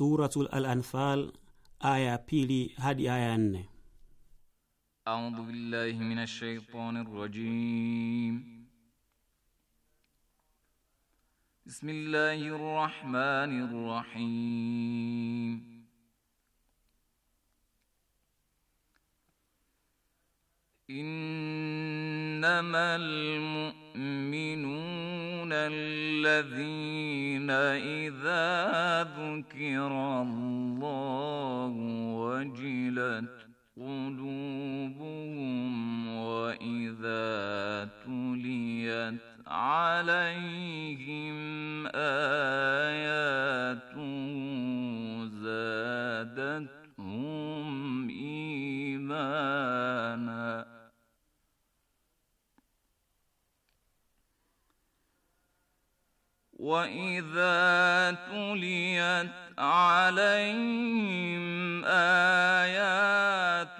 Suratul Al-Anfal aya ya pili hadi aya nne. A'udhu billahi minash shaitanir rajim. Bismillahir rahmanir rahim. إنما الم الذين إذا ذكر الله وجلت قلوبهم وإذا تليت عليهم آيات واذا تليت عليهم ايات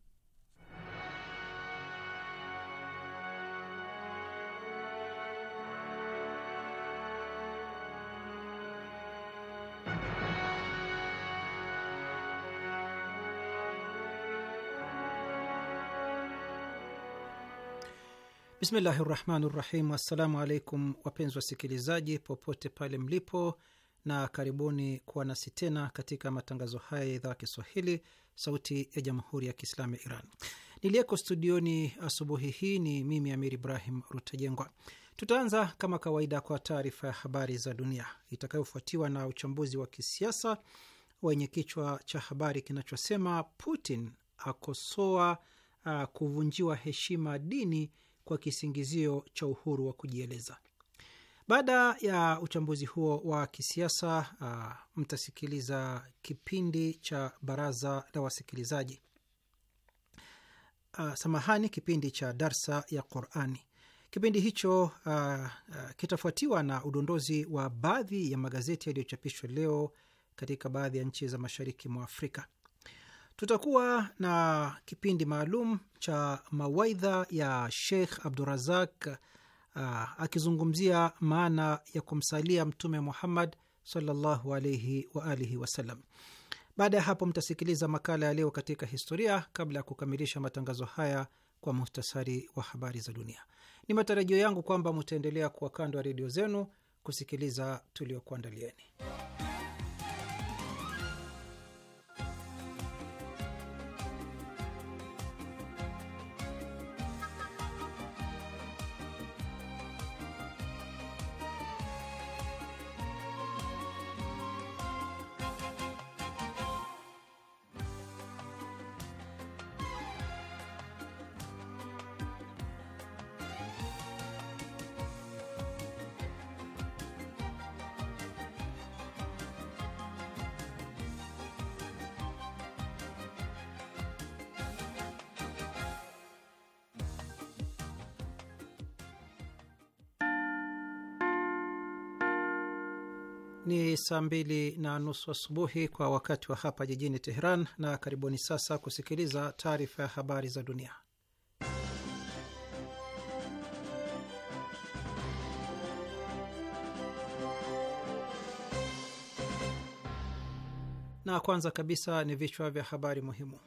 Bismillahi rahmani rahim. Assalamu alaikum wapenzi wasikilizaji popote pale mlipo, na karibuni kuwa nasi tena katika matangazo haya ya idhaa ya Kiswahili, Sauti ya Jamhuri ya Kiislamu ya Iran. Niliyeko studioni asubuhi hii ni mimi Amir Ibrahim Rutajengwa. Tutaanza kama kawaida kwa taarifa ya habari za dunia itakayofuatiwa na uchambuzi wa kisiasa wenye kichwa cha habari kinachosema Putin akosoa uh, kuvunjiwa heshima dini kwa kisingizio cha uhuru wa kujieleza. Baada ya uchambuzi huo wa kisiasa uh, mtasikiliza kipindi cha baraza la wasikilizaji uh, samahani, kipindi cha darsa ya Qurani. Kipindi hicho uh, uh, kitafuatiwa na udondozi wa baadhi ya magazeti yaliyochapishwa leo katika baadhi ya nchi za mashariki mwa Afrika. Tutakuwa na kipindi maalum cha mawaidha ya Sheikh Abdurazak uh, akizungumzia maana ya kumsalia Mtume Muhammad sallallahu alaihi wa alihi wasallam. Baada ya hapo, mtasikiliza makala ya leo katika historia, kabla ya kukamilisha matangazo haya kwa muhtasari wa habari za dunia. Ni matarajio yangu kwamba mtaendelea kuwa kando ya redio zenu kusikiliza tuliokuandalieni. saa mbili na nusu asubuhi kwa wakati wa hapa jijini Teheran, na karibuni sasa kusikiliza taarifa ya habari za dunia. Na kwanza kabisa ni vichwa vya habari muhimu.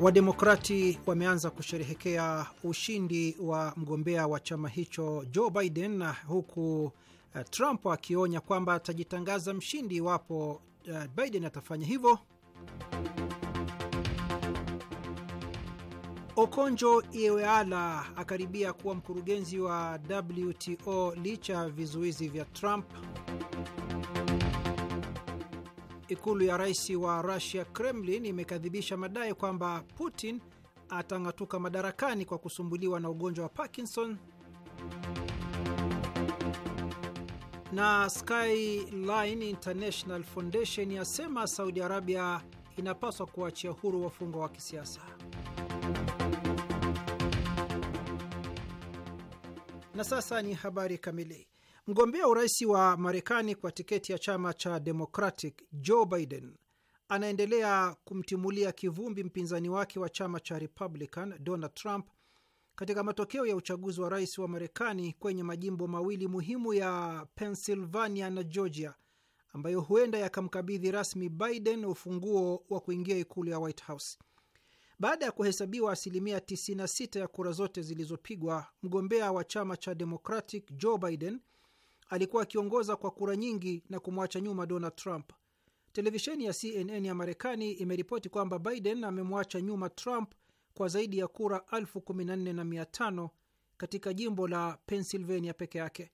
Wademokrati wameanza kusherehekea ushindi wa mgombea wa chama hicho Joe Biden, huku eh, Trump akionya kwamba atajitangaza mshindi iwapo eh, Biden atafanya hivyo. Okonjo Iweala akaribia kuwa mkurugenzi wa WTO licha ya vizuizi vya Trump. Ikulu ya rais wa Rusia, Kremlin, imekadhibisha madai kwamba Putin atang'atuka madarakani kwa kusumbuliwa na ugonjwa wa Parkinson, na Skyline International Foundation yasema Saudi Arabia inapaswa kuachia huru wafungwa wa kisiasa. Na sasa ni habari kamili. Mgombea urais wa Marekani kwa tiketi ya chama cha Democratic Joe Biden anaendelea kumtimulia kivumbi mpinzani wake wa chama cha Republican Donald Trump katika matokeo ya uchaguzi wa rais wa Marekani kwenye majimbo mawili muhimu ya Pennsylvania na Georgia ambayo huenda yakamkabidhi rasmi Biden ufunguo wa kuingia ikulu ya White House. Baada ya kuhesabiwa asilimia 96 ya kura zote zilizopigwa, mgombea wa chama cha Democratic Joe Biden alikuwa akiongoza kwa kura nyingi na kumwacha nyuma Donald Trump. Televisheni ya CNN ya Marekani imeripoti kwamba Biden amemwacha nyuma Trump kwa zaidi ya kura 14,500 katika jimbo la Pennsylvania peke yake.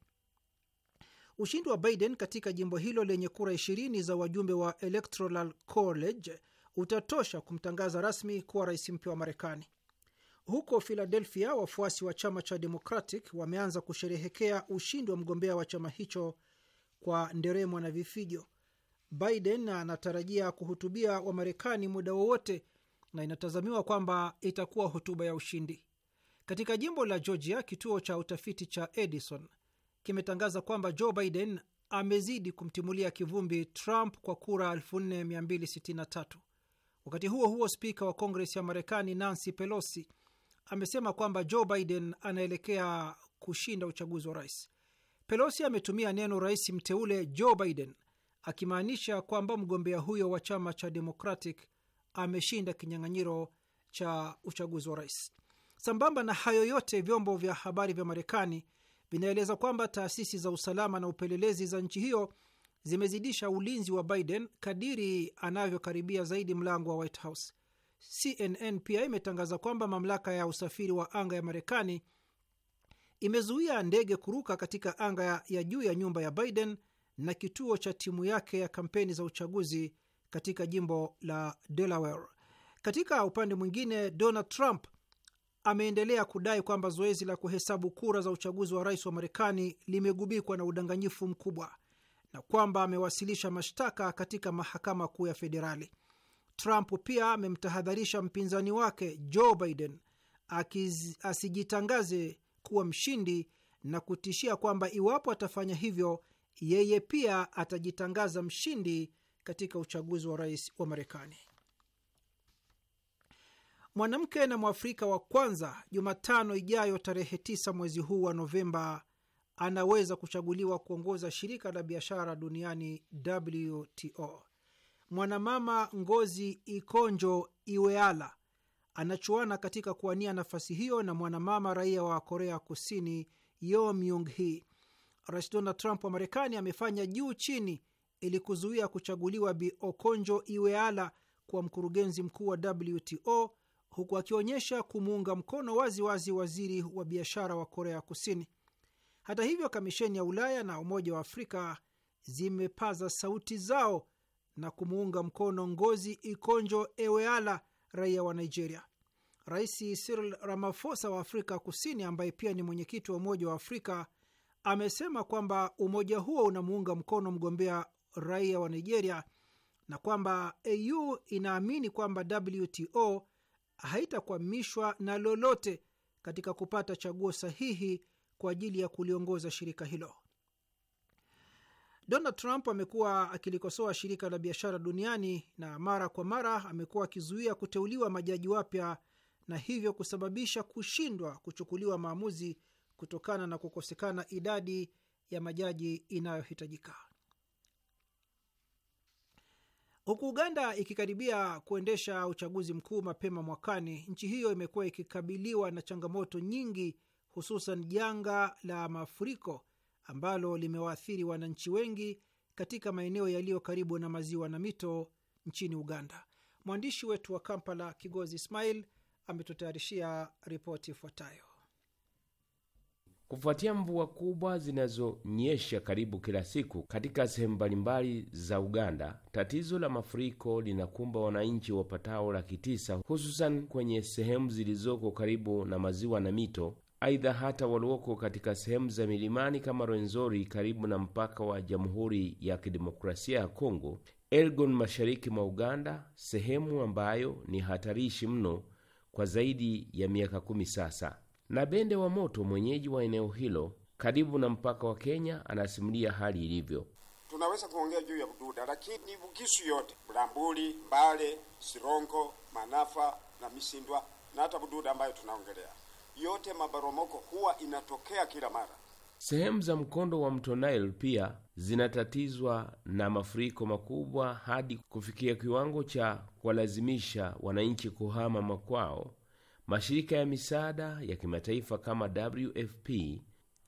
Ushindi wa Biden katika jimbo hilo lenye kura 20 za wajumbe wa Electoral College utatosha kumtangaza rasmi kuwa rais mpya wa Marekani. Huko Philadelphia, wafuasi wa chama cha Democratic wameanza kusherehekea ushindi wa mgombea wa chama hicho kwa nderemwa na vifijo. Biden anatarajia kuhutubia Wamarekani muda wowote na inatazamiwa kwamba itakuwa hotuba ya ushindi. Katika jimbo la Georgia, kituo cha utafiti cha Edison kimetangaza kwamba Joe Biden amezidi kumtimulia kivumbi Trump kwa kura 4263. Wakati huo huo, spika wa Kongres ya Marekani Nancy Pelosi amesema kwamba Joe Biden anaelekea kushinda uchaguzi wa rais. Pelosi ametumia neno rais mteule Joe Biden akimaanisha kwamba mgombea huyo wa chama cha Democratic ameshinda kinyang'anyiro cha uchaguzi wa rais. Sambamba na hayo yote, vyombo vya habari vya Marekani vinaeleza kwamba taasisi za usalama na upelelezi za nchi hiyo zimezidisha ulinzi wa Biden kadiri anavyokaribia zaidi mlango wa White House. CNN pia imetangaza kwamba mamlaka ya usafiri wa anga ya Marekani imezuia ndege kuruka katika anga ya juu ya nyumba ya Biden na kituo cha timu yake ya kampeni za uchaguzi katika jimbo la Delaware. Katika upande mwingine, Donald Trump ameendelea kudai kwamba zoezi la kuhesabu kura za uchaguzi wa rais wa Marekani limegubikwa na udanganyifu mkubwa na kwamba amewasilisha mashtaka katika mahakama kuu ya federali. Trump pia amemtahadharisha mpinzani wake Joe Biden akiz, asijitangaze kuwa mshindi na kutishia kwamba iwapo atafanya hivyo, yeye pia atajitangaza mshindi katika uchaguzi wa rais wa Marekani. Mwanamke na Mwafrika wa kwanza Jumatano ijayo tarehe 9 mwezi huu wa Novemba anaweza kuchaguliwa kuongoza shirika la biashara duniani WTO mwanamama Ngozi Ikonjo Iweala anachuana katika kuwania nafasi hiyo na mwanamama raia wa Korea Kusini Yo Myung Hee. Rais Donald Trump wa Marekani amefanya juu chini ili kuzuia kuchaguliwa Bi Okonjo Iweala kuwa mkurugenzi mkuu wa WTO huku akionyesha kumuunga mkono waziwazi wazi waziri wa biashara wa Korea Kusini. Hata hivyo, kamisheni ya Ulaya na Umoja wa Afrika zimepaza sauti zao na kumuunga mkono Ngozi Ikonjo eweala raia wa Nigeria. Rais Cyril Ramaphosa wa Afrika Kusini, ambaye pia ni mwenyekiti wa Umoja wa Afrika, amesema kwamba umoja huo unamuunga mkono mgombea raia wa Nigeria na kwamba AU inaamini kwamba WTO haitakwamishwa na lolote katika kupata chaguo sahihi kwa ajili ya kuliongoza shirika hilo. Donald Trump amekuwa akilikosoa shirika la biashara duniani na mara kwa mara amekuwa akizuia kuteuliwa majaji wapya na hivyo kusababisha kushindwa kuchukuliwa maamuzi kutokana na kukosekana idadi ya majaji inayohitajika. Huku Uganda ikikaribia kuendesha uchaguzi mkuu mapema mwakani, nchi hiyo imekuwa ikikabiliwa na changamoto nyingi, hususan janga la mafuriko ambalo limewaathiri wananchi wengi katika maeneo yaliyo karibu na maziwa na mito nchini Uganda. Mwandishi wetu wa Kampala, Kigozi Ismail, ametutayarishia ripoti ifuatayo. Kufuatia mvua kubwa zinazonyesha karibu kila siku katika sehemu mbalimbali za Uganda, tatizo la mafuriko linakumba wananchi wapatao laki tisa hususan kwenye sehemu zilizoko karibu na maziwa na mito Aidha, hata walioko katika sehemu za milimani kama Rwenzori karibu na mpaka wa Jamhuri ya Kidemokrasia ya Kongo, Elgon mashariki mwa Uganda, sehemu ambayo ni hatarishi mno kwa zaidi ya miaka kumi sasa. Na Bende wa Moto, mwenyeji wa eneo hilo karibu na mpaka wa Kenya, anasimulia hali ilivyo. Tunaweza kuongea juu ya Bududa, lakini Bugisu yote, Bulambuli, Mbale, sironko Manafa na Misindwa na hata Bududa ambayo tunaongelea yote maporomoko huwa inatokea kila mara. Sehemu za mkondo wa mto Nile pia zinatatizwa na mafuriko makubwa hadi kufikia kiwango cha kuwalazimisha wananchi kuhama makwao. Mashirika ya misaada ya kimataifa kama WFP,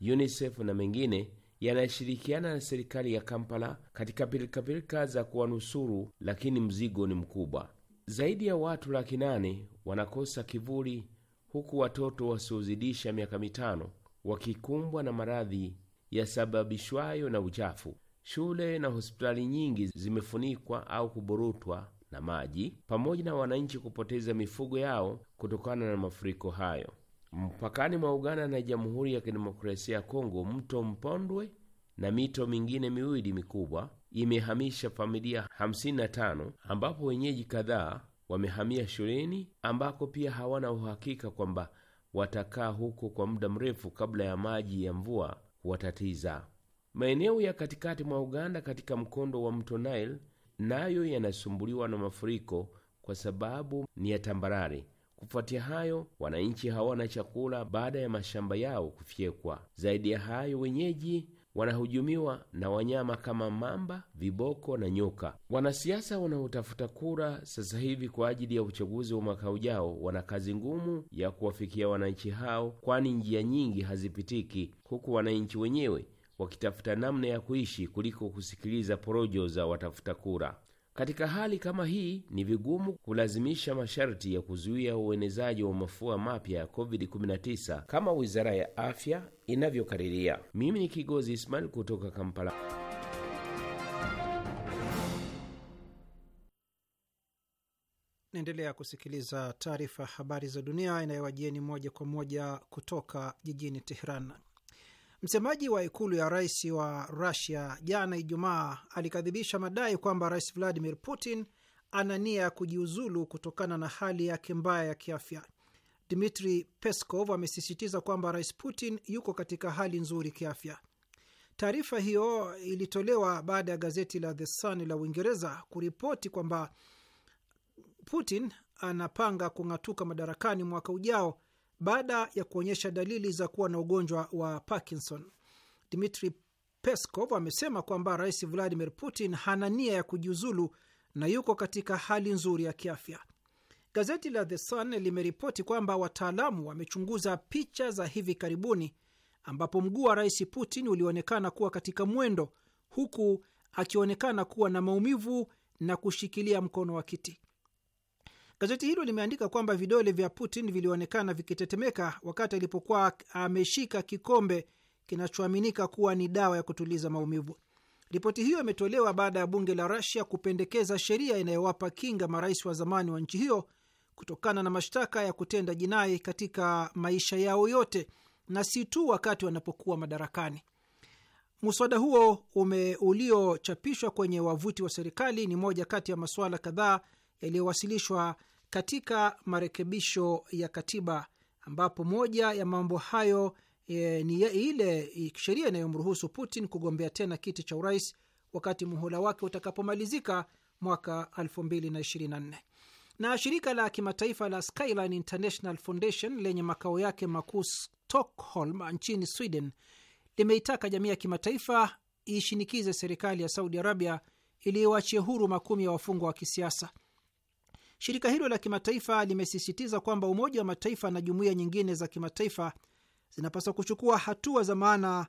UNICEF na mengine yanashirikiana na serikali ya Kampala katika pilikapilika za kuwanusuru, lakini mzigo ni mkubwa. Zaidi ya watu laki nane wanakosa kivuli huku watoto wasiozidisha miaka mitano wakikumbwa na maradhi yasababishwayo na uchafu. Shule na hospitali nyingi zimefunikwa au kuburutwa na maji, pamoja na wananchi kupoteza mifugo yao kutokana na mafuriko hayo. Mpakani mwa Uganda na Jamhuri ya Kidemokrasia ya Kongo, mto Mpondwe na mito mingine miwili mikubwa imehamisha familia 55 ambapo wenyeji kadhaa wamehamia shuleni ambako pia hawana uhakika kwamba watakaa huko kwa muda mrefu kabla ya maji ya mvua kuwatatiza. Maeneo ya katikati mwa Uganda katika mkondo wa mto Nile nayo yanasumbuliwa na mafuriko kwa sababu ni ya tambarare. Kufuatia hayo, wananchi hawana chakula baada ya mashamba yao kufyekwa. Zaidi ya hayo, wenyeji wanahujumiwa na wanyama kama mamba, viboko na nyoka. Wanasiasa wanaotafuta kura sasa hivi kwa ajili ya uchaguzi wa mwaka ujao wana kazi ngumu ya kuwafikia wananchi hao, kwani njia nyingi hazipitiki, huku wananchi wenyewe wakitafuta namna ya kuishi kuliko kusikiliza porojo za watafuta kura. Katika hali kama hii, ni vigumu kulazimisha masharti ya kuzuia uenezaji wa mafua mapya ya COVID-19 kama wizara ya afya inavyokariria Mimi ni Kigozi Ismail kutoka Kampala. Naendelea kusikiliza taarifa ya habari za dunia inayowajieni moja kwa moja kutoka jijini Tehran. Msemaji wa ikulu ya rais wa Rusia jana Ijumaa alikadhibisha madai kwamba rais Vladimir Putin ana nia ya kujiuzulu kutokana na hali yake mbaya ya kiafya. Dmitri Peskov amesisitiza kwamba rais Putin yuko katika hali nzuri kiafya. Taarifa hiyo ilitolewa baada ya gazeti la The Sun la Uingereza kuripoti kwamba Putin anapanga kung'atuka madarakani mwaka ujao baada ya kuonyesha dalili za kuwa na ugonjwa wa Parkinson. Dmitri Peskov amesema kwamba Rais Vladimir Putin hana nia ya kujiuzulu na yuko katika hali nzuri ya kiafya. Gazeti la The Sun limeripoti kwamba wataalamu wamechunguza picha za hivi karibuni ambapo mguu wa Rais Putin ulionekana kuwa katika mwendo huku akionekana kuwa na maumivu na kushikilia mkono wa kiti. Gazeti hilo limeandika kwamba vidole vya Putin vilionekana vikitetemeka wakati alipokuwa ameshika kikombe kinachoaminika kuwa ni dawa ya kutuliza maumivu. Ripoti hiyo imetolewa baada ya bunge la Russia kupendekeza sheria inayowapa kinga marais wa zamani wa nchi hiyo kutokana na mashtaka ya kutenda jinai katika maisha yao yote na si tu wakati wanapokuwa madarakani. Muswada huo uliochapishwa kwenye wavuti wa serikali ni moja kati ya masuala kadhaa yaliyowasilishwa katika marekebisho ya katiba, ambapo moja ya mambo hayo e, ni ile sheria inayomruhusu Putin kugombea tena kiti cha urais wakati muhula wake utakapomalizika mwaka 2024. Na shirika la kimataifa la Skyline International Foundation lenye makao yake makuu Stockholm nchini Sweden limeitaka jamii ya kimataifa iishinikize serikali ya Saudi Arabia iliyoachia huru makumi ya wafungwa wa kisiasa Shirika hilo la kimataifa limesisitiza kwamba Umoja wa Mataifa na jumuiya nyingine za kimataifa zinapaswa kuchukua hatua za maana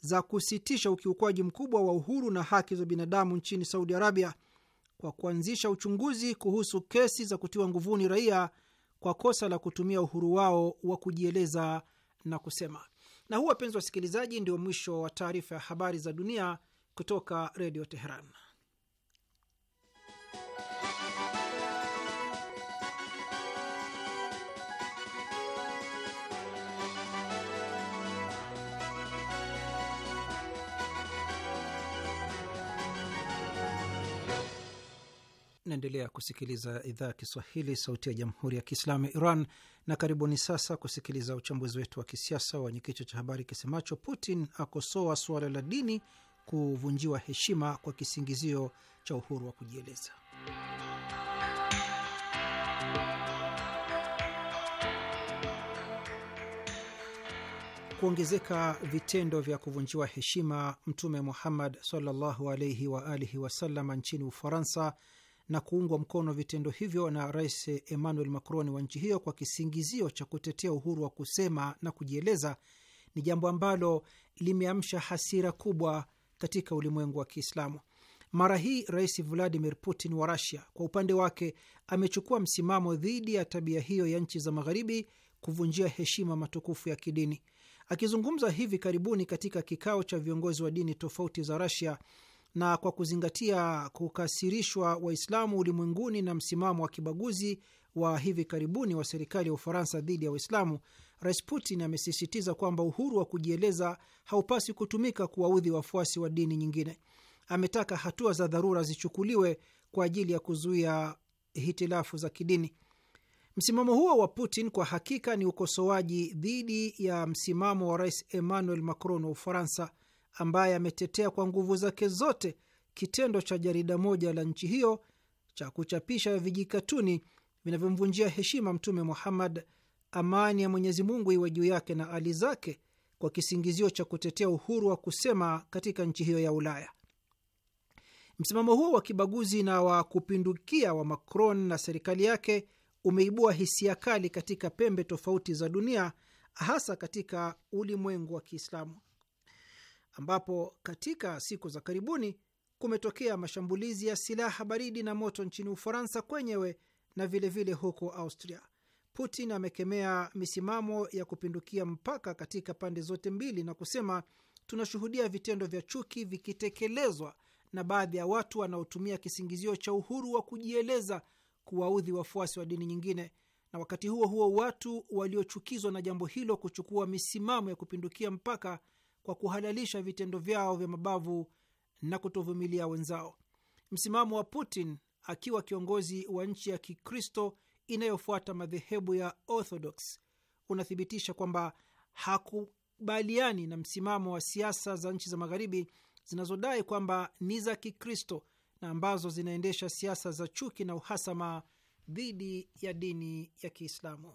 za kusitisha ukiukwaji mkubwa wa uhuru na haki za binadamu nchini Saudi Arabia kwa kuanzisha uchunguzi kuhusu kesi za kutiwa nguvuni raia kwa kosa la kutumia uhuru wao wa kujieleza na kusema. Na huu, wapenzi wasikilizaji, ndio mwisho wa taarifa ya habari za dunia kutoka Redio Teheran. Naendelea kusikiliza idhaa ya Kiswahili, sauti ya jamhuri ya kiislamu ya Iran. Na karibuni sasa kusikiliza uchambuzi wetu wa kisiasa wenye kichwa cha habari kisemacho Putin akosoa suala la dini kuvunjiwa heshima kwa kisingizio cha uhuru wa kujieleza. Kuongezeka vitendo vya kuvunjiwa heshima Mtume Muhammad sallallahu alaihi wa alihi wasallam nchini Ufaransa na kuungwa mkono vitendo hivyo na Rais Emmanuel Macron wa nchi hiyo kwa kisingizio cha kutetea uhuru wa kusema na kujieleza ni jambo ambalo limeamsha hasira kubwa katika ulimwengu wa Kiislamu. Mara hii Rais Vladimir Putin wa Russia kwa upande wake amechukua msimamo dhidi ya tabia hiyo ya nchi za Magharibi kuvunjia heshima matukufu ya kidini. Akizungumza hivi karibuni katika kikao cha viongozi wa dini tofauti za rasia na kwa kuzingatia kukasirishwa Waislamu ulimwenguni na msimamo wa kibaguzi wa hivi karibuni wa serikali ya Ufaransa dhidi ya Waislamu, Rais Putin amesisitiza kwamba uhuru wa kujieleza haupasi kutumika kuwaudhi wafuasi wa dini nyingine. Ametaka hatua za dharura zichukuliwe kwa ajili ya kuzuia hitilafu za kidini. Msimamo huo wa Putin kwa hakika ni ukosoaji dhidi ya msimamo wa Rais Emmanuel Macron wa Ufaransa ambaye ametetea kwa nguvu zake zote kitendo cha jarida moja la nchi hiyo cha kuchapisha vijikatuni vinavyomvunjia heshima Mtume Muhammad, amani ya Mwenyezi Mungu iwe juu yake na ali zake, kwa kisingizio cha kutetea uhuru wa kusema katika nchi hiyo ya Ulaya. Msimamo huo wa kibaguzi na wa kupindukia wa Macron na serikali yake umeibua hisia kali katika pembe tofauti za dunia, hasa katika ulimwengu wa Kiislamu ambapo katika siku za karibuni kumetokea mashambulizi ya silaha baridi na moto nchini Ufaransa kwenyewe na vilevile vile huko Austria. Putin amekemea misimamo ya kupindukia mpaka katika pande zote mbili na kusema, tunashuhudia vitendo vya chuki vikitekelezwa na baadhi ya watu wanaotumia kisingizio cha uhuru wa kujieleza kuwaudhi wafuasi wa dini nyingine, na wakati huo huo watu waliochukizwa na jambo hilo kuchukua misimamo ya kupindukia mpaka kwa kuhalalisha vitendo vyao vya mabavu na kutovumilia wenzao. Msimamo wa Putin akiwa kiongozi wa nchi ya Kikristo inayofuata madhehebu ya Orthodox unathibitisha kwamba hakubaliani na msimamo wa siasa za nchi za Magharibi zinazodai kwamba ni za Kikristo na ambazo zinaendesha siasa za chuki na uhasama dhidi ya dini ya Kiislamu.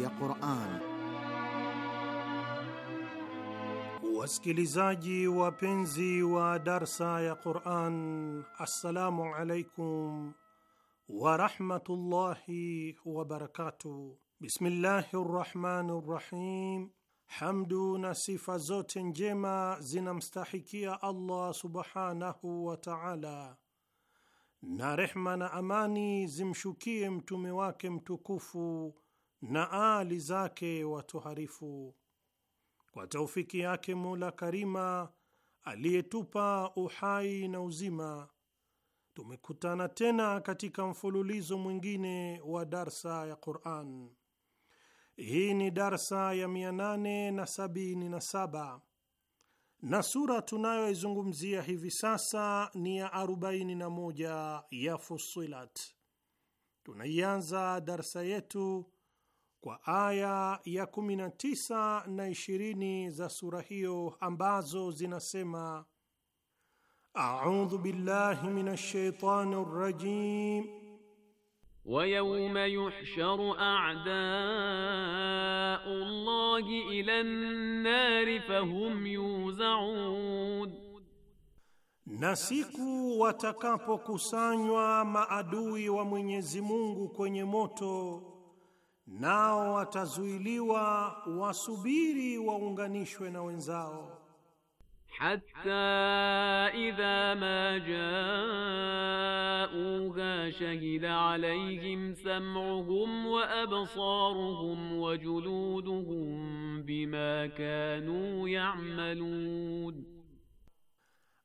ya Qur'an. Wasikilizaji wapenzi wa darsa ya Qur'an, assalamu alaikum wa rahmatullahi wa barakatuh. Bismillahir Rahmanir Rahim. Hamdu na sifa zote njema zinamstahikia Allah subhanahu wa ta'ala, na rehma na amani zimshukie mtume wake mtukufu na aali zake watoharifu. Kwa taufiki yake Mola Karima aliyetupa uhai na uzima, tumekutana tena katika mfululizo mwingine wa darsa ya Quran. Hii ni darsa ya 877 na sura tunayoizungumzia hivi sasa ni ya 41 ya Fusilat. Tunaianza darsa yetu kwa aya ya 19 na 20 za sura hiyo ambazo zinasema: audhu billahi minash shaitani rrajim wa yawma yuhsharu a'da'u Allahi ilan nari fahum yuzaun, na siku watakapokusanywa maadui wa Mwenyezi Mungu kwenye moto nao watazuiliwa wasubiri waunganishwe na wenzao. Hatta idha ma jauha shahida alayhim sam'uhum wa absaruhum wa juluduhum bima kanu ya'malun,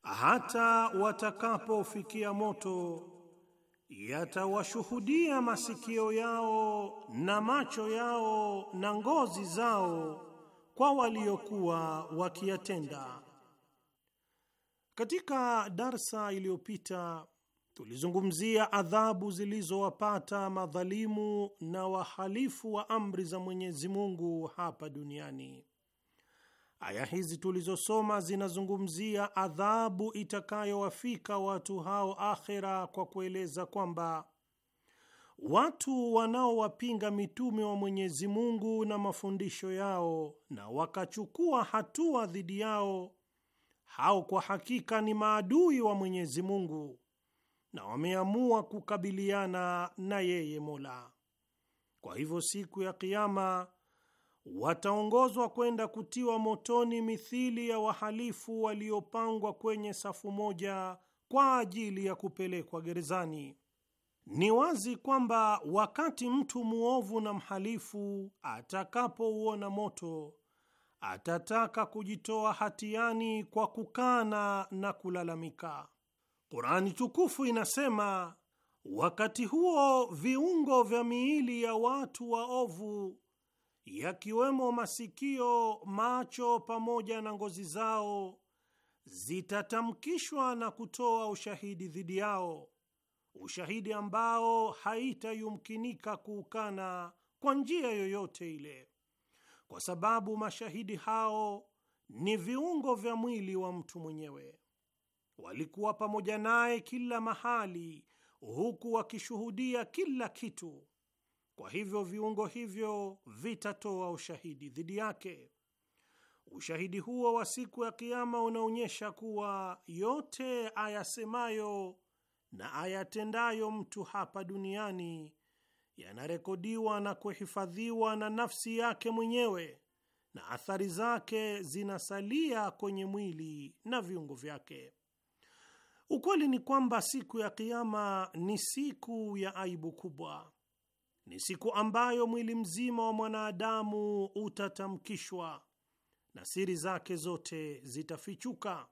hata watakapofikia moto yatawashuhudia masikio yao na macho yao na ngozi zao kwa waliokuwa wakiyatenda. Katika darsa iliyopita tulizungumzia adhabu zilizowapata madhalimu na wahalifu wa amri za Mwenyezi Mungu hapa duniani. Aya hizi tulizosoma zinazungumzia adhabu itakayowafika watu hao akhera, kwa kueleza kwamba watu wanaowapinga mitume wa Mwenyezi Mungu na mafundisho yao na wakachukua hatua dhidi yao, hao kwa hakika ni maadui wa Mwenyezi Mungu na wameamua kukabiliana na yeye Mola. Kwa hivyo siku ya Kiama wataongozwa kwenda kutiwa motoni mithili ya wahalifu waliopangwa kwenye safu moja kwa ajili ya kupelekwa gerezani. Ni wazi kwamba wakati mtu mwovu na mhalifu atakapouona moto atataka kujitoa hatiani kwa kukana na kulalamika. Kurani tukufu inasema, wakati huo viungo vya miili ya watu waovu yakiwemo masikio, macho pamoja na ngozi zao zitatamkishwa na kutoa ushahidi dhidi yao, ushahidi ambao haitayumkinika kuukana kwa njia yoyote ile, kwa sababu mashahidi hao ni viungo vya mwili wa mtu mwenyewe. Walikuwa pamoja naye kila mahali, huku wakishuhudia kila kitu kwa hivyo viungo hivyo vitatoa ushahidi dhidi yake. Ushahidi huo wa siku ya Kiama unaonyesha kuwa yote ayasemayo na ayatendayo mtu hapa duniani yanarekodiwa na kuhifadhiwa na nafsi yake mwenyewe na athari zake zinasalia kwenye mwili na viungo vyake. Ukweli ni kwamba siku ya Kiama ni siku ya aibu kubwa, ni siku ambayo mwili mzima wa mwanadamu utatamkishwa na siri zake zote zitafichuka.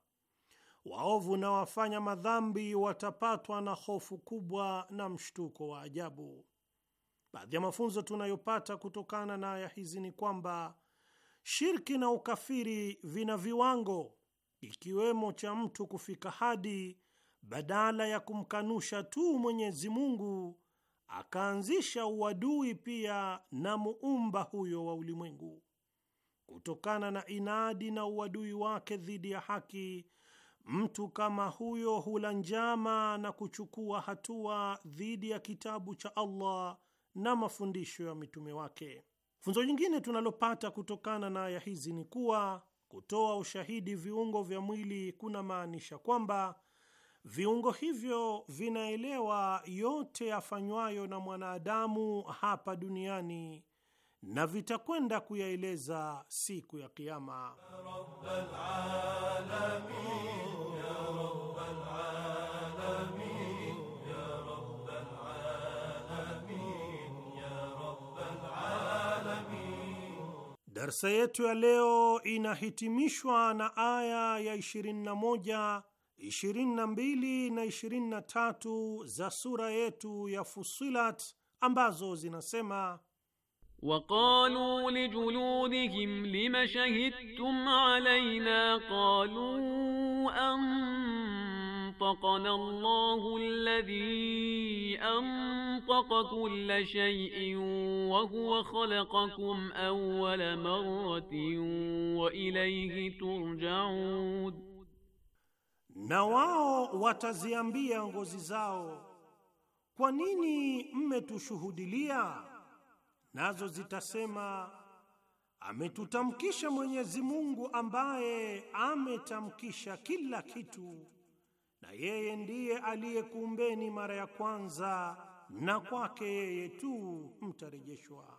Waovu na wafanya madhambi watapatwa na hofu kubwa na mshtuko wa ajabu. Baadhi ya mafunzo tunayopata kutokana na aya hizi ni kwamba shirki na ukafiri vina viwango, ikiwemo cha mtu kufika hadi badala ya kumkanusha tu Mwenyezi Mungu akaanzisha uadui pia na muumba huyo wa ulimwengu. Kutokana na inadi na uadui wake dhidi ya haki, mtu kama huyo hula njama na kuchukua hatua dhidi ya kitabu cha Allah na mafundisho ya mitume wake. Funzo jingine tunalopata kutokana na aya hizi ni kuwa kutoa ushahidi viungo vya mwili kuna maanisha kwamba Viungo hivyo vinaelewa yote yafanywayo na mwanadamu hapa duniani na vitakwenda kuyaeleza siku ya kiama Darsa yetu ya leo inahitimishwa na aya ya 21 22 na 23 za sura yetu ya Fusilat ambazo zinasema وقالوا لجلودهم لم شهدتم علينا قالوا أنطقنا الله الذي أنطق كل شيء وهو خلقكم أول مرة وإليه ترجعون Na wao wataziambia ngozi zao, kwa nini mmetushuhudilia? Nazo zitasema ametutamkisha Mwenyezi Mungu ambaye ametamkisha kila kitu, na yeye ndiye aliyekuumbeni mara ya kwanza, na kwake yeye tu mtarejeshwa.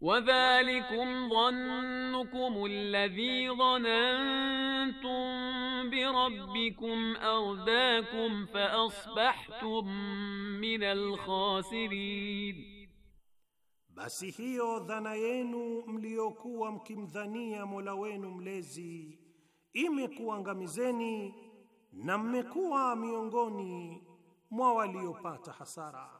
وذلكم ظنكم الذي ظننتم بربكم أرداكم فأصبحتم من الخاسرين, basi hiyo dhana yenu mliyokuwa mkimdhania Mola wenu mlezi imekuangamizeni na mmekuwa miongoni mwa waliopata hasara.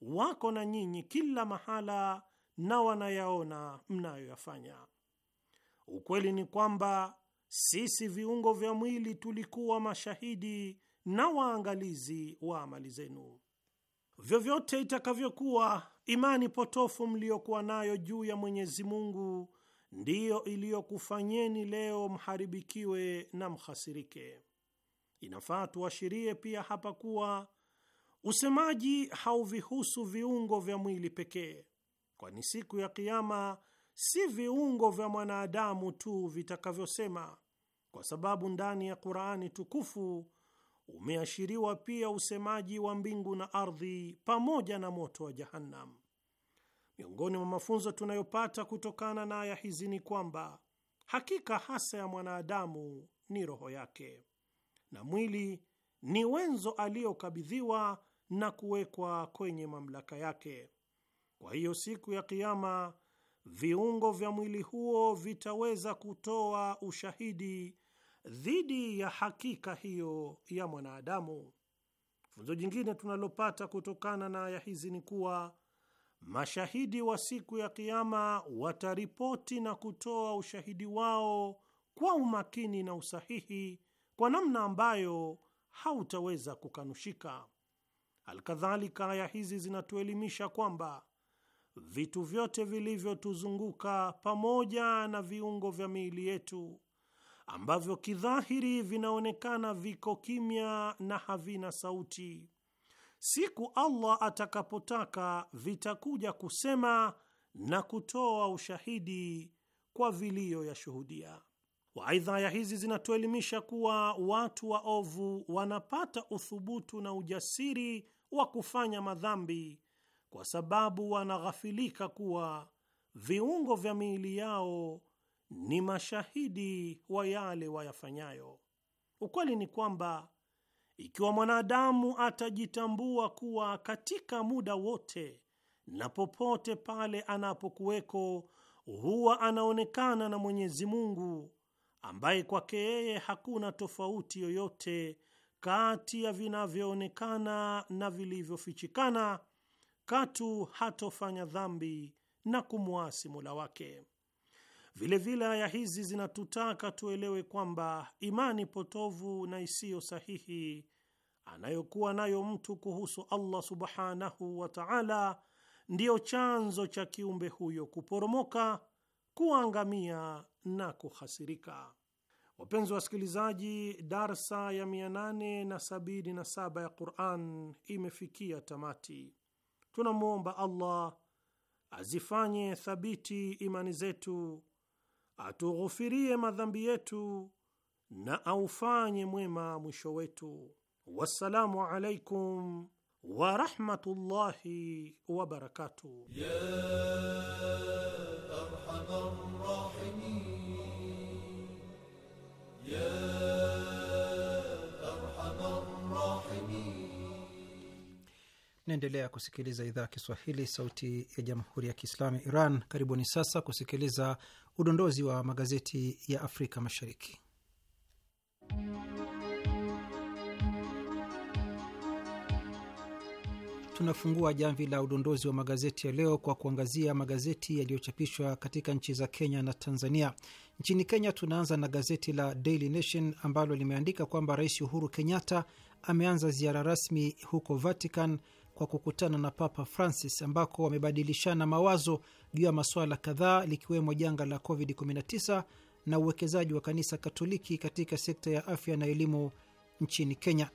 wako na nyinyi kila mahala na wanayaona mnayoyafanya. Ukweli ni kwamba sisi viungo vya mwili tulikuwa mashahidi na waangalizi wa amali zenu. Vyovyote itakavyokuwa imani potofu mliyokuwa nayo juu ya Mwenyezi Mungu ndiyo iliyokufanyeni leo mharibikiwe na mhasirike. Inafaa tuashirie pia hapa kuwa Usemaji hauvihusu viungo vya mwili pekee, kwani siku ya Kiama si viungo vya mwanadamu tu vitakavyosema, kwa sababu ndani ya Qur'ani tukufu umeashiriwa pia usemaji wa mbingu na ardhi pamoja na moto wa Jahannam. Miongoni mwa mafunzo tunayopata kutokana na aya hizi ni kwamba hakika hasa ya mwanadamu ni roho yake na mwili ni wenzo aliyokabidhiwa na kuwekwa kwenye mamlaka yake. Kwa hiyo siku ya Kiama viungo vya mwili huo vitaweza kutoa ushahidi dhidi ya hakika hiyo ya mwanadamu. Funzo jingine tunalopata kutokana na aya hizi ni kuwa mashahidi wa siku ya Kiama wataripoti na kutoa ushahidi wao kwa umakini na usahihi, kwa namna ambayo hautaweza kukanushika. Alkadhalika, aya hizi zinatuelimisha kwamba vitu vyote vilivyotuzunguka pamoja na viungo vya miili yetu ambavyo kidhahiri vinaonekana viko kimya na havina sauti, siku Allah atakapotaka vitakuja kusema na kutoa ushahidi kwa vilio ya shuhudia. Waidha, ya hizi zinatuelimisha kuwa watu waovu wanapata uthubutu na ujasiri wa kufanya madhambi kwa sababu wanaghafilika kuwa viungo vya miili yao ni mashahidi wa yale wayafanyayo. Ukweli ni kwamba ikiwa mwanadamu atajitambua kuwa katika muda wote na popote pale anapokuweko huwa anaonekana na Mwenyezi Mungu ambaye kwake yeye hakuna tofauti yoyote kati ya vinavyoonekana na vilivyofichikana, katu hatofanya dhambi na kumwasi Mola wake. Vilevile aya hizi zinatutaka tuelewe kwamba imani potovu na isiyo sahihi anayokuwa nayo mtu kuhusu Allah subhanahu wa taala ndiyo chanzo cha kiumbe huyo kuporomoka kuangamia na kuhasirika. Wapenzi wasikilizaji, darsa ya 877 ya Quran imefikia tamati. Tunamwomba Allah azifanye thabiti imani zetu, atughufirie madhambi yetu na aufanye mwema mwisho wetu. Wassalamu alaikum wa barakatuh. Naendelea kusikiliza idhaa ya Kiswahili, sauti ya jamhuri ya kiislamu ya Iran. Karibuni sasa kusikiliza udondozi wa magazeti ya Afrika Mashariki. tunafungua jamvi la udondozi wa magazeti ya leo kwa kuangazia magazeti yaliyochapishwa katika nchi za Kenya na Tanzania. Nchini Kenya tunaanza na gazeti la Daily Nation ambalo limeandika kwamba Rais Uhuru Kenyatta ameanza ziara rasmi huko Vatican kwa kukutana na Papa Francis ambako wamebadilishana mawazo juu ya masuala kadhaa likiwemo janga la COVID-19 na uwekezaji wa kanisa Katoliki katika sekta ya afya na elimu nchini Kenya.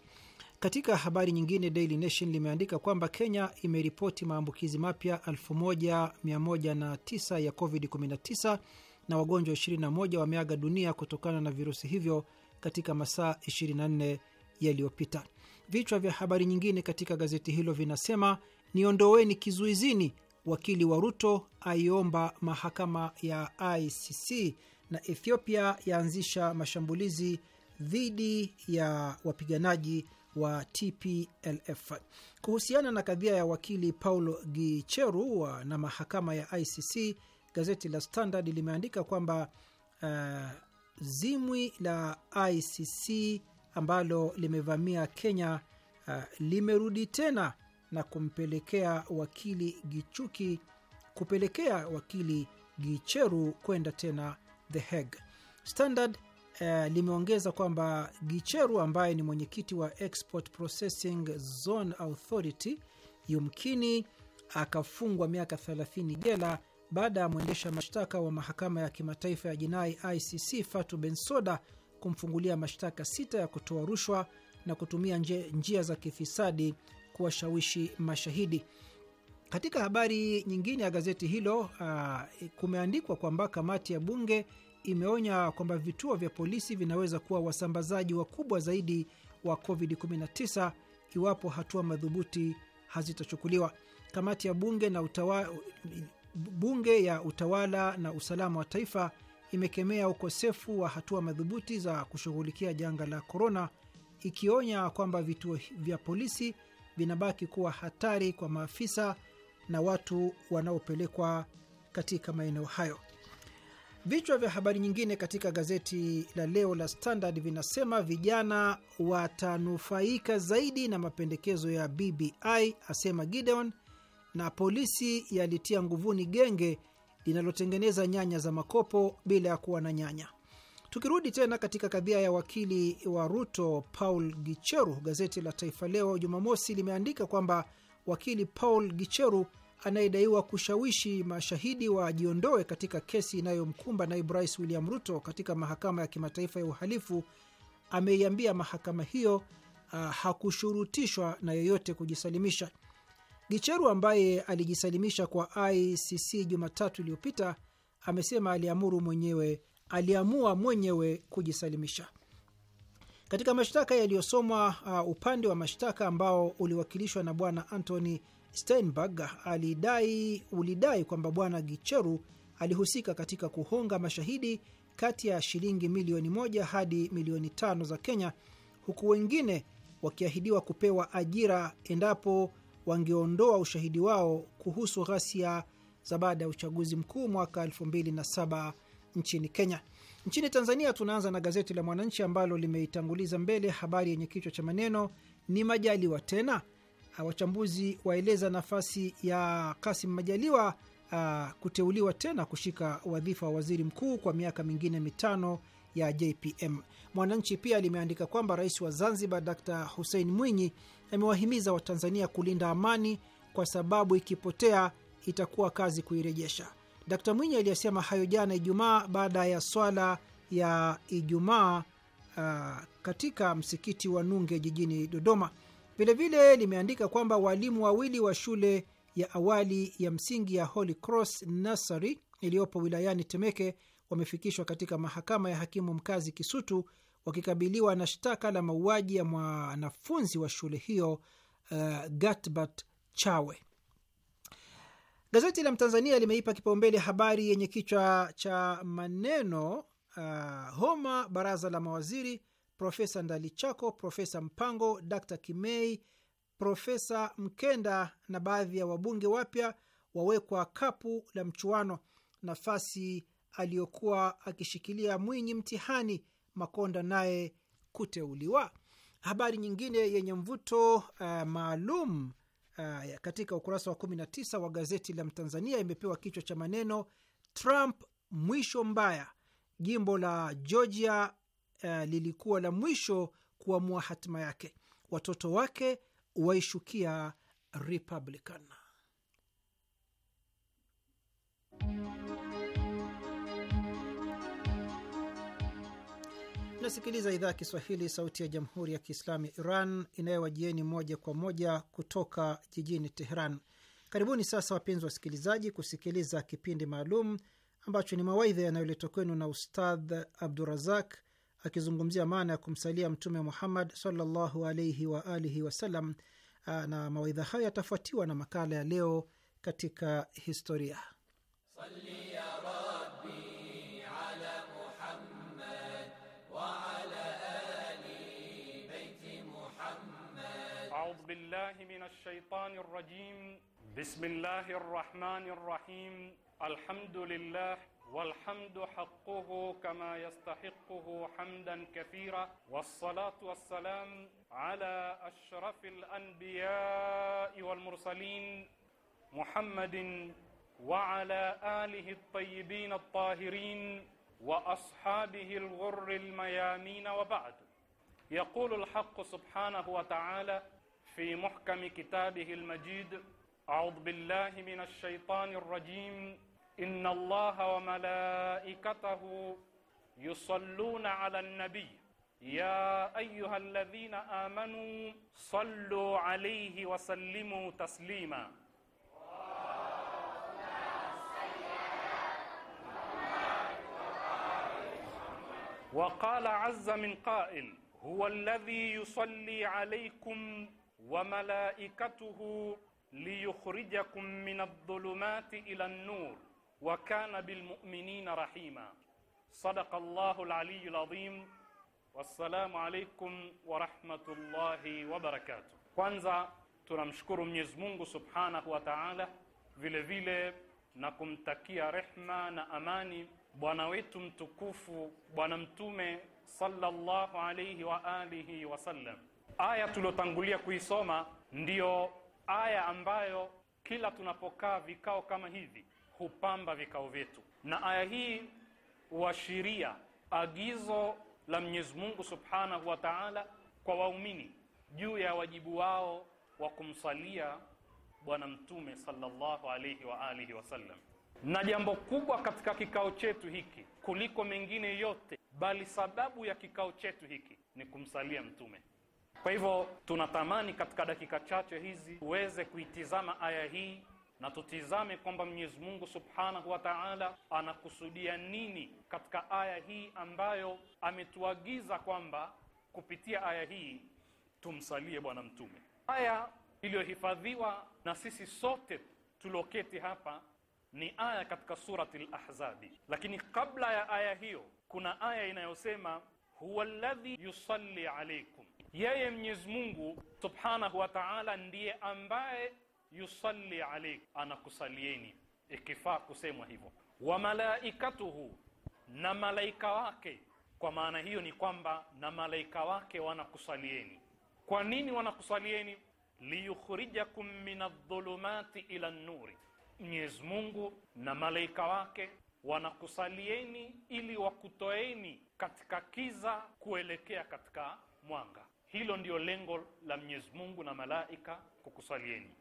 Katika habari nyingine, Daily Nation limeandika kwamba Kenya imeripoti maambukizi mapya 1109 ya COVID-19 na wagonjwa 21 wameaga dunia kutokana na virusi hivyo katika masaa 24 yaliyopita. Vichwa vya habari nyingine katika gazeti hilo vinasema: niondoweni kizuizini, wakili wa Ruto aiomba mahakama ya ICC, na Ethiopia yaanzisha mashambulizi dhidi ya wapiganaji wa TPLF. Kuhusiana na kadhia ya wakili Paulo Gicheru na mahakama ya ICC, gazeti la Standard limeandika kwamba uh, zimwi la ICC ambalo limevamia Kenya uh, limerudi tena na kumpelekea wakili Gichuki kupelekea wakili Gicheru kwenda tena The Hague. Standard Eh, limeongeza kwamba Gicheru ambaye ni mwenyekiti wa Export Processing Zone Authority yumkini akafungwa miaka 30 jela baada ya mwendesha mashtaka wa mahakama ya kimataifa ya jinai ICC Fatu Bensoda kumfungulia mashtaka sita ya kutoa rushwa na kutumia nje, njia za kifisadi kuwashawishi mashahidi. Katika habari nyingine ya gazeti hilo, uh, kumeandikwa kwamba kamati ya bunge imeonya kwamba vituo vya polisi vinaweza kuwa wasambazaji wakubwa zaidi wa COVID-19 iwapo hatua madhubuti hazitachukuliwa. Kamati ya bunge na utawa, bunge ya utawala na usalama wa taifa imekemea ukosefu wa hatua madhubuti za kushughulikia janga la korona, ikionya kwamba vituo vya polisi vinabaki kuwa hatari kwa maafisa na watu wanaopelekwa katika maeneo hayo. Vichwa vya habari nyingine katika gazeti la leo la Standard vinasema vijana watanufaika zaidi na mapendekezo ya BBI asema Gideon, na polisi yalitia nguvuni genge linalotengeneza nyanya za makopo bila ya kuwa na nyanya. Tukirudi tena katika kadhia ya wakili wa Ruto Paul Gicheru, gazeti la Taifa Leo Jumamosi limeandika kwamba wakili Paul Gicheru anayedaiwa kushawishi mashahidi wajiondoe katika kesi inayomkumba naibu rais William Ruto katika mahakama ya kimataifa ya uhalifu ameiambia mahakama hiyo uh, hakushurutishwa na yeyote kujisalimisha. Gicheru ambaye alijisalimisha kwa ICC Jumatatu iliyopita amesema aliamuru mwenyewe, aliamua mwenyewe kujisalimisha. Katika mashtaka yaliyosomwa, uh, upande wa mashtaka ambao uliwakilishwa na bwana Anthony Steinberg alidai ulidai kwamba bwana Gicheru alihusika katika kuhonga mashahidi kati ya shilingi milioni moja hadi milioni tano za Kenya, huku wengine wakiahidiwa kupewa ajira endapo wangeondoa ushahidi wao kuhusu ghasia za baada ya uchaguzi mkuu mwaka 2007 nchini Kenya. Nchini Tanzania tunaanza na gazeti la Mwananchi ambalo limeitanguliza mbele habari yenye kichwa cha maneno ni Majaliwa tena wachambuzi waeleza nafasi ya Kasim Majaliwa uh, kuteuliwa tena kushika wadhifa wa waziri mkuu kwa miaka mingine mitano ya JPM. Mwananchi pia limeandika kwamba rais wa Zanzibar Dr Hussein Mwinyi amewahimiza Watanzania kulinda amani kwa sababu ikipotea itakuwa kazi kuirejesha. Dr Mwinyi aliyesema hayo jana Ijumaa baada ya swala ya Ijumaa uh, katika msikiti wa Nunge jijini Dodoma. Vilevile limeandika kwamba waalimu wawili wa shule ya awali ya msingi ya Holy Cross Nursery iliyopo wilayani Temeke wamefikishwa katika mahakama ya hakimu mkazi Kisutu wakikabiliwa na shtaka la mauaji ya mwanafunzi wa shule hiyo uh, Gatbat Chawe. Gazeti la Mtanzania limeipa kipaumbele habari yenye kichwa cha maneno uh, homa baraza la mawaziri Profesa Ndalichako, Profesa Mpango, d Kimei, Profesa Mkenda na baadhi ya wabunge wapya wawekwa kapu la mchuano, nafasi aliyokuwa akishikilia Mwinyi mtihani. Makonda naye kuteuliwa. Habari nyingine yenye mvuto uh, maalum uh, katika ukurasa wa 19 wa gazeti la Mtanzania imepewa kichwa cha maneno Trump mwisho mbaya, jimbo la Georgia Eh, lilikuwa la mwisho kuamua hatima yake. Watoto wake waishukia Republican. Nasikiliza idhaa ya Kiswahili, sauti ya jamhuri ya kiislamu ya Iran inayowajieni moja kwa moja kutoka jijini Teheran. Karibuni sasa, wapenzi wasikilizaji, kusikiliza kipindi maalum ambacho ni mawaidha yanayoletwa kwenu na Ustadh Abdurazak akizungumzia maana ya kumsalia Mtume Muhammad sallallahu alaihi wa alihi wasallam, ah, na mawaidha hayo yatafuatiwa na makala ya leo katika historia. Salli ya Rabbi. minash shaitani Bismillahir rahmanir rahim. Alhamdulillah والحمد حقه كما يستحقه حمدا كثيرا والصلاه والسلام على اشرف الانبياء والمرسلين محمد وعلى اله الطيبين الطاهرين واصحابه الغر الميامين وبعد يقول الحق سبحانه وتعالى في محكم كتابه المجيد اعوذ بالله من الشيطان الرجيم إن الله وملائكته يصلون على النبي يا أيها الذين آمنوا صلوا عليه وسلموا تسليما وقال عز من قائل هو الذي يصلي عليكم وملائكته ليخرجكم من الظلمات إلى النور wa kana bilmu'minina rahima. Sadaqa Allahu al-aliyyul azim. Wassalamu alaykum wa rahmatullahi wa barakatuh. Kwanza tunamshukuru Mwenyezi Mungu Subhanahu wa Ta'ala, vile vile na kumtakia rehma na amani bwana wetu mtukufu Bwana Mtume sallallahu alayhi wa alihi sallam. Aya tuliotangulia kuisoma ndiyo aya ambayo kila tunapokaa vikao kama hivi hupamba vikao vyetu. Na aya hii huashiria agizo la Mwenyezi Mungu Subhanahu wa Ta'ala kwa waumini juu ya wajibu wao wa kumsalia Bwana Mtume sallallahu alayhi wa alihi wasallam. Na jambo kubwa katika kikao chetu hiki kuliko mengine yote, bali sababu ya kikao chetu hiki ni kumsalia Mtume. Kwa hivyo tunatamani katika dakika chache hizi uweze kuitizama aya hii na tutizame kwamba Mwenyezi Mungu Subhanahu wa Ta'ala anakusudia nini katika aya hii ambayo ametuagiza kwamba kupitia aya hii tumsalie Bwana Mtume. Aya iliyohifadhiwa na sisi sote tulioketi hapa ni aya katika surati al lakini kabla ya aya hiyo kuna aya inayosema huwa alladhi yusalli alaykum, yeye Mwenyezi Mungu Subhanahu wa Ta'ala ndiye ambaye yusalli alaik, anakusalieni. Ikifaa kusemwa hivyo. Wa malaikatuhu, na malaika wake. Kwa maana hiyo ni kwamba na malaika wake wanakusalieni. Kwa nini wanakusalieni? liyukhrijakum min adh-dhulumati ila an-nuri, Mwenyezi Mungu na malaika wake wanakusalieni ili wakutoeni katika kiza kuelekea katika mwanga. Hilo ndiyo lengo la Mwenyezi Mungu na malaika kukusalieni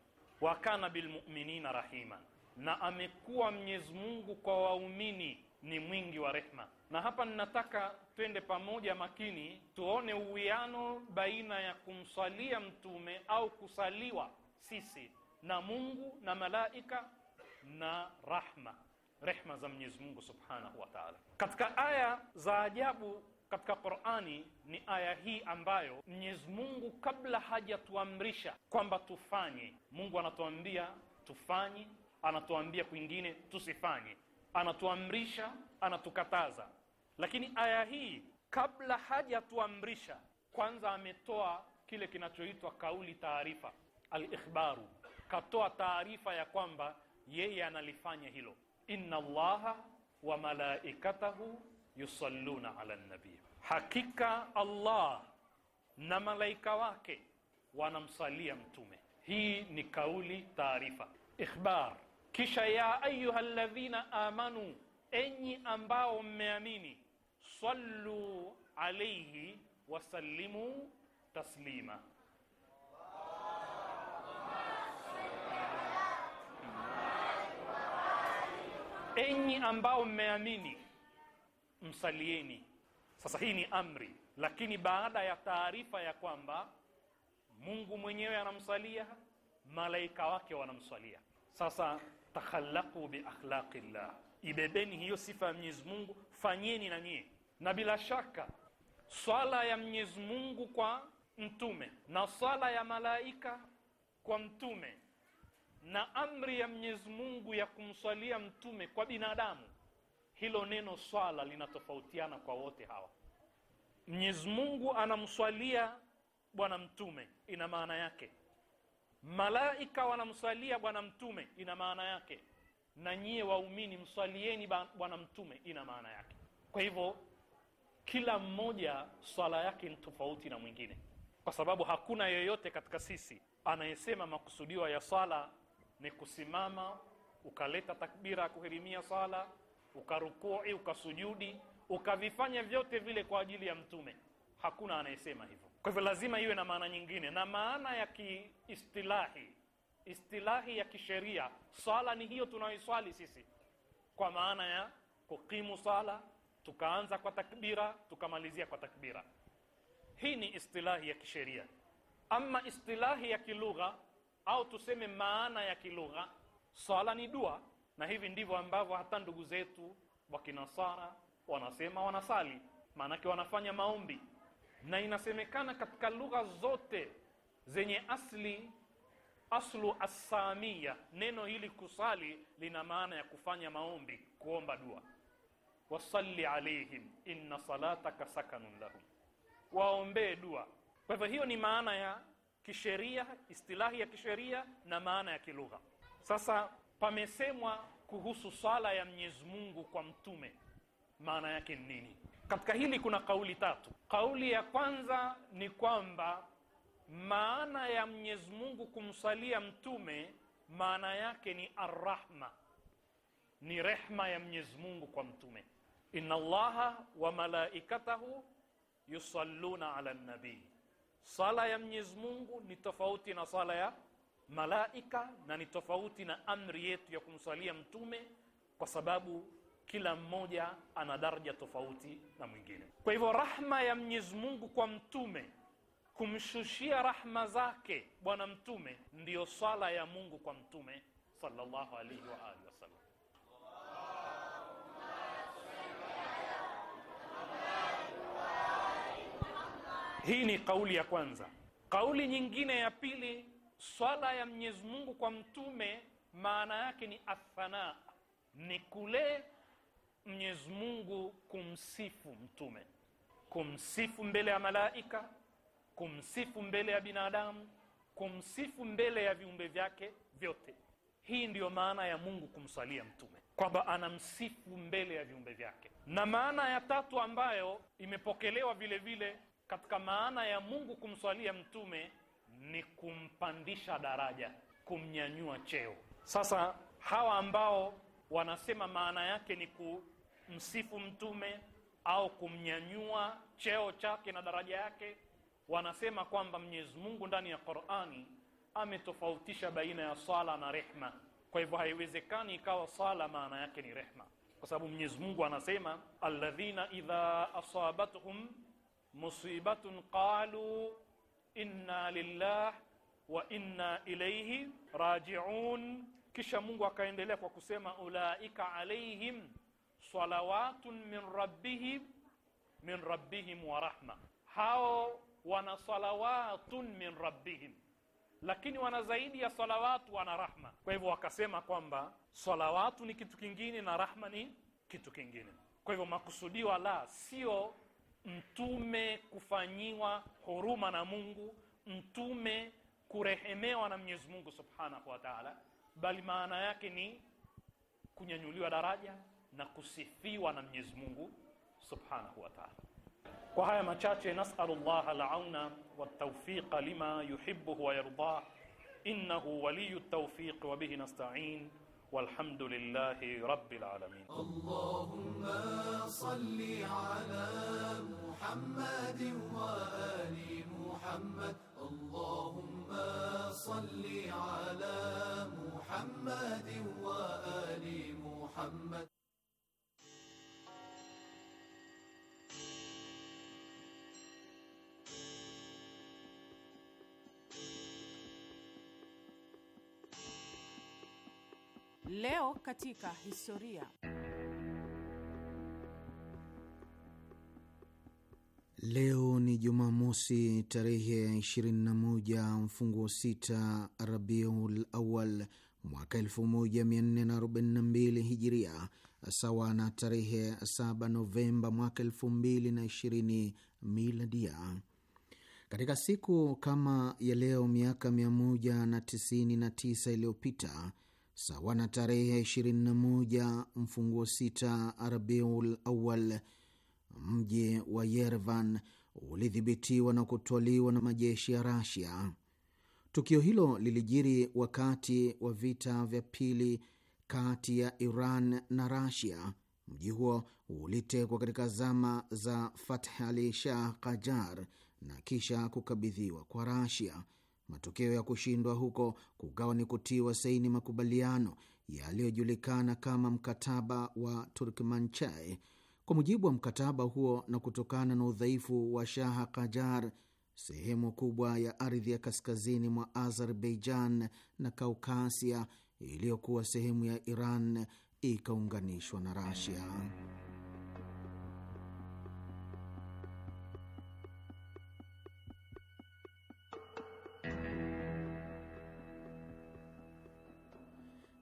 wa kana bilmuminina rahima, na amekuwa Mwenyezi Mungu kwa waumini ni mwingi wa rehma. Na hapa ninataka twende pamoja makini, tuone uwiano baina ya kumsalia mtume au kusaliwa sisi na Mungu na malaika na rahma, rehma za Mwenyezi Mungu subhanahu wa taala, katika aya za ajabu katika Qur'ani ni aya hii ambayo Mwenyezi Mungu kabla hajatuamrisha kwamba tufanye, Mungu anatuambia tufanye, anatuambia kwingine tusifanye, anatuamrisha, anatukataza. Lakini aya hii kabla hajatuamrisha, kwanza ametoa kile kinachoitwa kauli taarifa, al-ikhbaru, katoa taarifa ya kwamba yeye analifanya hilo, inna Allaha wa malaikatahu yusalluna ala nabiy hakika Allah na malaika wake wanamsalia mtume. Hii ni kauli taarifa, ikhbar. Kisha ya ayuha alladhina amanu, enyi ambao mmeamini, sallu alayhi wasallimu taslima Enyi ambao mmeamini msalieni sasa hii ni amri, lakini baada ya taarifa ya kwamba Mungu mwenyewe anamswalia malaika wake wanamswalia Sasa takhallaqu bi akhlaqillah, ibebeni hiyo sifa ya Mwenyezi Mungu, fanyeni na nyie. Na bila shaka swala ya Mwenyezi Mungu kwa mtume na swala ya malaika kwa mtume na amri ya Mwenyezi Mungu ya kumswalia mtume kwa binadamu hilo neno swala linatofautiana kwa wote hawa. Mwenyezi Mungu anamswalia bwana mtume, ina maana yake. Malaika wanamswalia bwana mtume, ina maana yake. Na nyie waumini mswalieni bwana mtume, ina maana yake. Kwa hivyo kila mmoja swala yake ni tofauti na mwingine, kwa sababu hakuna yeyote katika sisi anayesema makusudiwa ya swala ni kusimama ukaleta takbira ya kuhirimia swala ukarukui, eh, ukasujudi, ukavifanya vyote vile kwa ajili ya Mtume. Hakuna anayesema hivyo. Kwa hivyo lazima iwe na maana nyingine, na maana ya kiistilahi, istilahi ya kisheria. Swala ni hiyo tunayoiswali sisi, kwa maana ya kukimu swala, tukaanza kwa takbira, tukamalizia kwa takbira. Hii ni istilahi ya kisheria. Ama istilahi ya kilugha au tuseme maana ya kilugha, swala ni dua na hivi ndivyo ambavyo hata ndugu zetu wa Kinasara wanasema wanasali, maanake wanafanya maombi, na inasemekana katika lugha zote zenye asli aslu assamia, neno hili kusali lina maana ya kufanya maombi, kuomba dua. Wasalli alaihim inna salataka sakanun lahum, waombee dua. Kwa hivyo hiyo ni maana ya kisheria, istilahi ya kisheria na maana ya kilugha. Sasa pamesemwa kuhusu sala ya Mwenyezi Mungu kwa mtume maana yake ni nini? Katika hili kuna kauli tatu. Kauli ya kwanza ni kwamba maana ya Mwenyezi Mungu kumsalia mtume maana yake ni arrahma, ni rehma ya Mwenyezi Mungu kwa mtume. Inna Allaha wa malaikatahu yusalluna ala nabii, sala ya Mwenyezi Mungu ni tofauti na sala ya malaika na ni tofauti na amri yetu ya kumswalia mtume kwa sababu kila mmoja ana daraja tofauti na mwingine. Kwa hivyo rahma ya Mwenyezi Mungu kwa mtume kumshushia rahma zake bwana mtume ndiyo swala ya Mungu kwa mtume sallallahu alaihi wa alihi wasallam. Hii ni kauli ya kwanza. Kauli nyingine ya pili swala ya Mwenyezi Mungu kwa mtume maana yake ni athanaa, ni kule Mwenyezi Mungu kumsifu mtume, kumsifu mbele ya malaika, kumsifu mbele ya binadamu, kumsifu mbele ya viumbe vyake vyote. Hii ndiyo maana ya Mungu kumswalia mtume, kwamba anamsifu mbele ya viumbe vyake. Na maana ya tatu ambayo imepokelewa vile vile katika maana ya Mungu kumswalia mtume ni kumpandisha daraja, kumnyanyua cheo. Sasa hawa ambao wanasema maana yake ni kumsifu mtume au kumnyanyua cheo chake na daraja yake, wanasema kwamba Mwenyezi Mungu ndani ya Qur'ani ametofautisha baina ya sala na rehma. Kwa hivyo haiwezekani ikawa sala maana yake ni rehma, kwa sababu Mwenyezi Mungu anasema alladhina idha asabathum musibatun qalu inna lillah wa inna ilayhi raji'un kisha Mungu akaendelea kwa kusema ulaika alaihim salawatun min rabbihim min rabbihim wa rahma hao wana salawatun min rabbihim lakini wana zaidi ya salawatu wana rahma kwa hivyo wakasema kwamba salawatu ni kitu kingine na rahma ni kitu kingine kwa hivyo makusudiwa la sio mtume kufanyiwa huruma na Mungu, mtume kurehemewa na Mwenyezi Mungu Subhanahu wa Ta'ala, bali maana yake ni kunyanyuliwa daraja na kusifiwa na Mwenyezi Mungu Subhanahu wa Ta'ala. Kwa haya machache, nas'alullah al-auna wat lima yuhibbu wa innahu waliyyu at wa bihi nasta'in walhamdulillahi rabbil alamin. Allahumma salli ala محمد وآل محمد اللهم صل على محمد وآل محمد Leo katika historia. Leo ni Jumamosi tarehe ya 21 mfunguo sita Rabiul Awal mwaka 1442 Hijiria, sawa na tarehe 7 Novemba mwaka 2020 Miladia. Katika siku kama ya leo miaka 199 iliyopita, sawa na tarehe 21 mfunguo sita Rabiul Awal mji wa Yerevan ulidhibitiwa na kutwaliwa na majeshi ya Rasia. Tukio hilo lilijiri wakati wa vita vya pili kati ya Iran na Rasia. Mji huo ulitekwa katika zama za Fath Ali Shah Kajar na kisha kukabidhiwa kwa Rasia. Matokeo ya kushindwa huko kukawa ni kutiwa saini makubaliano yaliyojulikana kama mkataba wa Turkmanchai kwa mujibu wa mkataba huo na kutokana na udhaifu wa Shaha Kajar, sehemu kubwa ya ardhi ya kaskazini mwa Azerbaijan na Kaukasia iliyokuwa sehemu ya Iran ikaunganishwa na Rasia.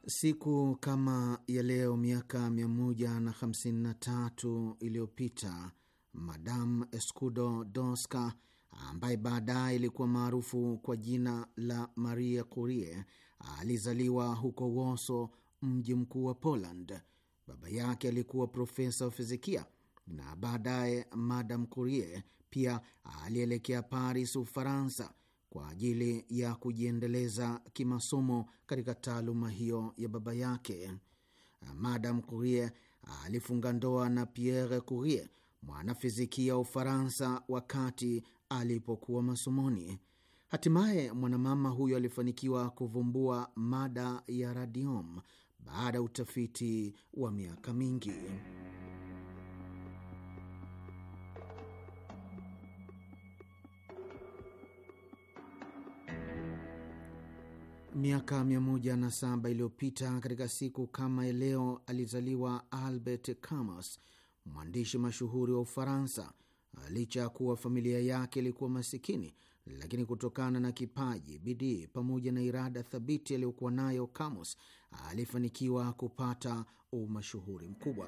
Siku kama ya leo miaka 153 iliyopita Madam Escudo Doska ambaye baadaye ilikuwa maarufu kwa jina la Maria Curie alizaliwa huko Woso, mji mkuu wa Poland. Baba yake alikuwa profesa wa fizikia na baadaye Madam Curie pia alielekea Paris, Ufaransa kwa ajili ya kujiendeleza kimasomo katika taaluma hiyo ya baba yake. Madam Curie alifunga ndoa na Pierre Curie, mwanafizikia wa Ufaransa, wakati alipokuwa masomoni. Hatimaye mwanamama huyo alifanikiwa kuvumbua mada ya radium baada ya utafiti wa miaka mingi. Miaka 107 iliyopita katika siku kama ya leo alizaliwa Albert Camus, mwandishi mashuhuri wa Ufaransa. Licha ya kuwa familia yake ilikuwa masikini, lakini kutokana na kipaji, bidii pamoja na irada thabiti aliyokuwa nayo, Camus alifanikiwa kupata umashuhuri mkubwa.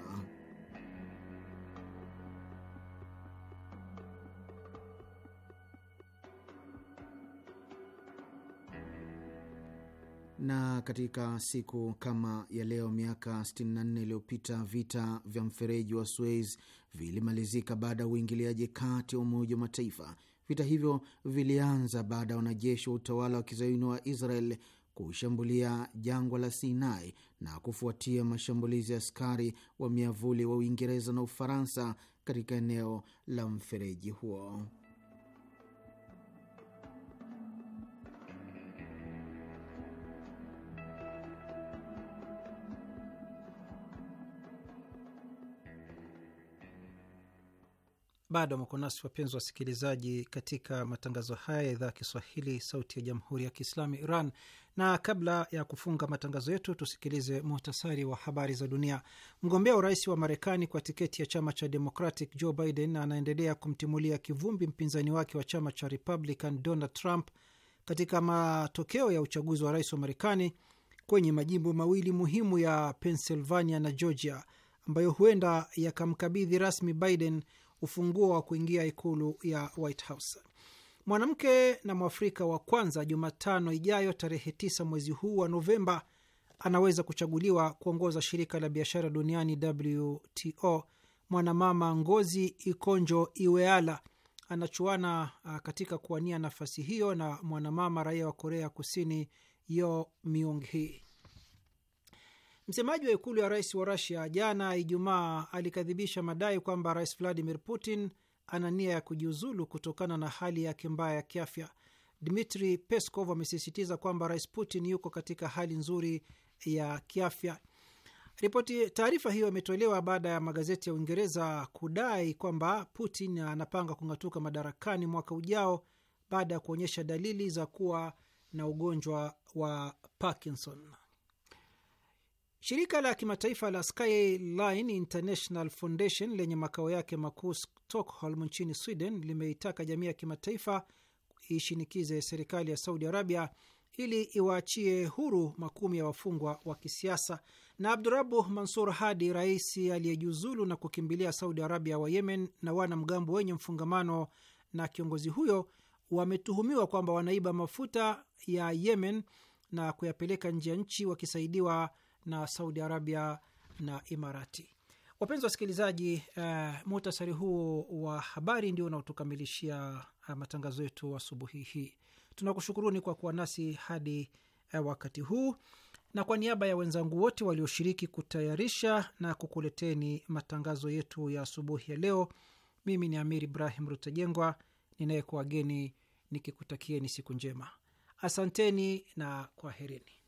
na katika siku kama ya leo miaka 64 iliyopita vita vya mfereji wa Suez vilimalizika baada ya uingiliaji kati ya Umoja wa Mataifa. Vita hivyo vilianza baada ya wanajeshi wa utawala wa kizayuni wa Israel kushambulia jangwa la Sinai na kufuatia mashambulizi ya askari wa miavuli wa Uingereza na Ufaransa katika eneo la mfereji huo. Bado mko nasi wapenzi wasikilizaji, katika matangazo haya ya idhaa ya Kiswahili, sauti ya jamhuri ya kiislamu Iran. Na kabla ya kufunga matangazo yetu, tusikilize muhtasari wa habari za dunia. Mgombea urais wa Marekani kwa tiketi ya chama cha Democratic Joe Biden anaendelea kumtimulia kivumbi mpinzani wake wa chama cha Republican Donald Trump katika matokeo ya uchaguzi wa rais wa Marekani kwenye majimbo mawili muhimu ya Pennsylvania na Georgia ambayo huenda yakamkabidhi rasmi Biden ufunguo wa kuingia ikulu ya White House. Mwanamke na Mwafrika wa kwanza Jumatano ijayo tarehe 9 mwezi huu wa Novemba anaweza kuchaguliwa kuongoza shirika la biashara duniani WTO. Mwanamama Ngozi Ikonjo Iweala anachuana uh, katika kuwania nafasi hiyo na mwanamama raia wa Korea Kusini Yo Myung Hee. Msemaji wa ikulu ya rais wa Rasia jana Ijumaa alikadhibisha madai kwamba rais Vladimir Putin ana nia ya kujiuzulu kutokana na hali yake mbaya ya kiafya. Dmitri Peskov amesisitiza kwamba rais Putin yuko katika hali nzuri ya kiafya. Ripoti taarifa hiyo imetolewa baada ya magazeti ya Uingereza kudai kwamba Putin anapanga kung'atuka madarakani mwaka ujao baada ya kuonyesha dalili za kuwa na ugonjwa wa Parkinson. Shirika la kimataifa la Skyline International Foundation lenye makao yake makuu Stockholm nchini Sweden limeitaka jamii ya kimataifa ishinikize serikali ya Saudi Arabia ili iwaachie huru makumi ya wafungwa wa kisiasa. Na Abdurabu Mansur Hadi, rais aliyejiuzulu na kukimbilia Saudi Arabia wa Yemen, na wanamgambo wenye mfungamano na kiongozi huyo wametuhumiwa kwamba wanaiba mafuta ya Yemen na kuyapeleka nje ya nchi wakisaidiwa na Saudi Arabia na Imarati. Wapenzi wasikilizaji, uh, muhtasari huo wa habari ndio unaotukamilishia uh, eh, matangazo yetu asubuhi hii. Tunakushukuruni kwa kuwa nasi hadi uh, wakati huu, na kwa niaba ya wenzangu wote walioshiriki kutayarisha na kukuleteni matangazo yetu ya asubuhi ya leo, mimi ni Amir Ibrahim Rutajengwa ninayekuwageni nikikutakieni siku njema. Asanteni na kwaherini.